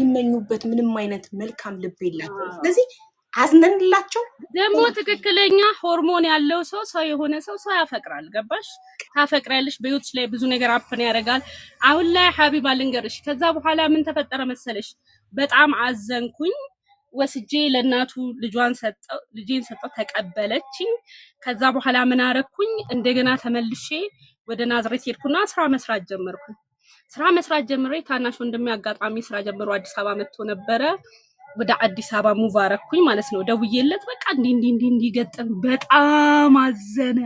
የሚመኙበት ምንም አይነት መልካም ልብ የላቸውም። ስለዚህ አዝነንላቸው ደግሞ ትክክለኛ ሆርሞን ያለው ሰው ሰው የሆነ ሰው ሰው ያፈቅራል። ገባሽ? ታፈቅሪያለሽ። በህይወትሽ ላይ ብዙ ነገር አፕን ያደርጋል። አሁን ላይ ሀቢባ ልንገርሽ፣ ከዛ በኋላ ምን ተፈጠረ መሰለሽ? በጣም አዘንኩኝ። ወስጄ ለእናቱ ልጇን ሰጠው፣ ልጄን ሰጠው፣ ተቀበለችኝ። ከዛ በኋላ ምን አረግኩኝ? እንደገና ተመልሼ ወደ ናዝሬት ሄድኩና ስራ መስራት ጀመርኩኝ። ስራ መስራት ጀምሬ ታናሽ ወንድሜ አጋጣሚ ስራ ጀምሮ አዲስ አበባ መጥቶ ነበረ። ወደ አዲስ አበባ ሙቭ አረኩኝ ማለት ነው። ደውዬለት በቃ እንዲህ እንዲህ እንዲህ እንዲገጥም በጣም አዘነ።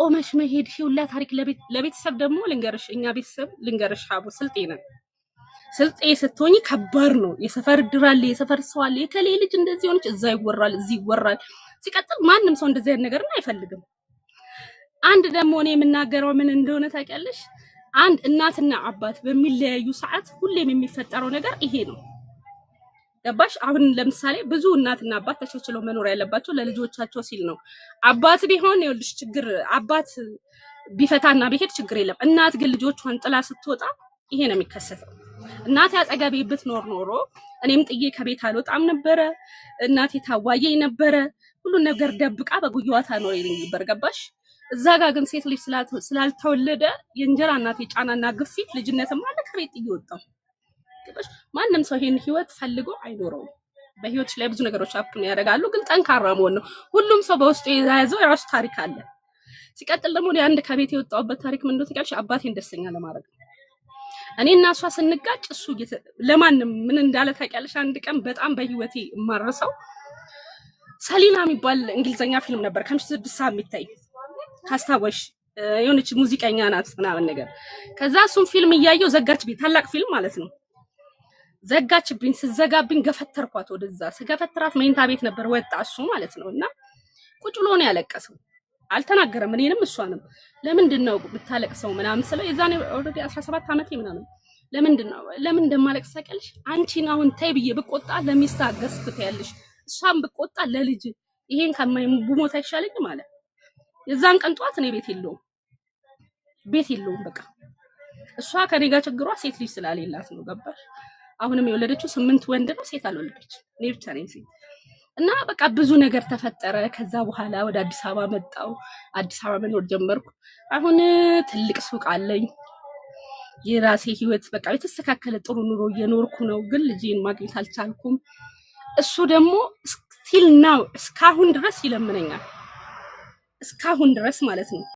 ቆመሽ መሄድ ሁላ ታሪክ ለቤተሰብ ደግሞ ልንገርሽ፣ እኛ ቤተሰብ ልንገርሽ፣ ሀቡ ስልጤ ነን። ስልጤ ስትሆኝ ከባድ ነው። የሰፈር ድር አለ፣ የሰፈር ሰው አለ። የከሌ ልጅ እንደዚህ ሆነች፣ እዛ ይወራል፣ እዚህ ይወራል። ሲቀጥል ማንም ሰው እንደዚህ አይነት ነገርን አይፈልግም። አንድ ደግሞ እኔ የምናገረው ምን እንደሆነ ታውቂያለሽ? አንድ እናትና አባት በሚለያዩ ሰዓት ሁሌም የሚፈጠረው ነገር ይሄ ነው። ገባሽ? አሁን ለምሳሌ ብዙ እናትና አባት ተቻችለው መኖር ያለባቸው ለልጆቻቸው ሲል ነው። አባት ቢሆን የልጅ ችግር አባት ቢፈታና ቢሄድ ችግር የለም። እናት ግን ልጆቿን ጥላ ስትወጣ ይሄ ነው የሚከሰተው። እናቴ አጠገቤ ብትኖር ኖሮ እኔም ጥዬ ከቤት አልወጣም ነበረ። እናቴ ታዋየኝ ነበረ። ሁሉን ነገር ደብቃ በጉያዋ ታኖረኝ ነበር። ገባሽ? እዛ ግን ሴት ልጅ ስላልተወለደ የእንጀራ እናት የጫናና ግፊት ማለ ከቤት እየወጣው ማንም ሰው ይሄን ህይወት ፈልጎ አይኖረውም። በህይወት ላይ ብዙ ነገሮች አፕን ያደርጋሉ፣ ግን ጠንካራ መሆን ነው። ሁሉም ሰው በውስጡ የያዘው የራሱ ታሪክ አለ። ሲቀጥል ደግሞ የአንድ ከቤት የወጣውበት ታሪክ ምንድ እንደሆነ አባቴን ደስተኛ ለማድረግ እኔ እና እሷ ስንጋጭ እሱ ለማንም ምን እንዳለ ታውቂያለሽ? አንድ ቀን በጣም በህይወቴ የማረሰው ሰሊና የሚባል እንግሊዝኛ ፊልም ነበር ከምሽት ስድስት ሰዓት የሚታይ ካስታወሽ የሆነች ሙዚቀኛ ናት ምናምን ነገር። ከዛ እሱም ፊልም እያየው ዘጋችብኝ። ታላቅ ፊልም ማለት ነው። ዘጋችብኝ። ስዘጋብኝ ገፈተርኳት ወደዛ። ስገፈትራት መኝታ ቤት ነበር ወጣ እሱ ማለት ነው። እና ቁጭ ብሎ ነው ያለቀሰው። አልተናገረም እኔንም እሷንም። ለምንድን ነው የምታለቅሰው ምናምን ስለው የዛኔ ኦልሬዲ 17 ዓመቴ ምናምን ለምንድን ነው ለምን እንደማለቅ ታውቂያለሽ? አንቺን አሁን ተይ ብዬ ብቆጣ ለሚስት አገዝኩት ያለሽ እሷን ብቆጣ ለልጅ ይሄን ከማይ ብሞት አይሻለኝም ማለት የዛን ቀን ጧት እኔ ቤት የለውም ቤት የለውም በቃ እሷ ከኔ ጋር ችግሯ ሴት ልጅ ስላሌላት ነው ገባሽ አሁንም የወለደችው ስምንት ወንድ ነው ሴት አልወለደች እኔ ብቻ ነኝ ሴት እና በቃ ብዙ ነገር ተፈጠረ ከዛ በኋላ ወደ አዲስ አበባ መጣው አዲስ አበባ መኖር ጀመርኩ አሁን ትልቅ ሱቅ አለኝ የራሴ ህይወት በቃ የተስተካከለ ጥሩ ኑሮ እየኖርኩ ነው ግን ልጄን ማግኘት አልቻልኩም እሱ ደግሞ ስቲል ናው እስካሁን ድረስ ይለምነኛል እስካሁን ድረስ ማለት ነው።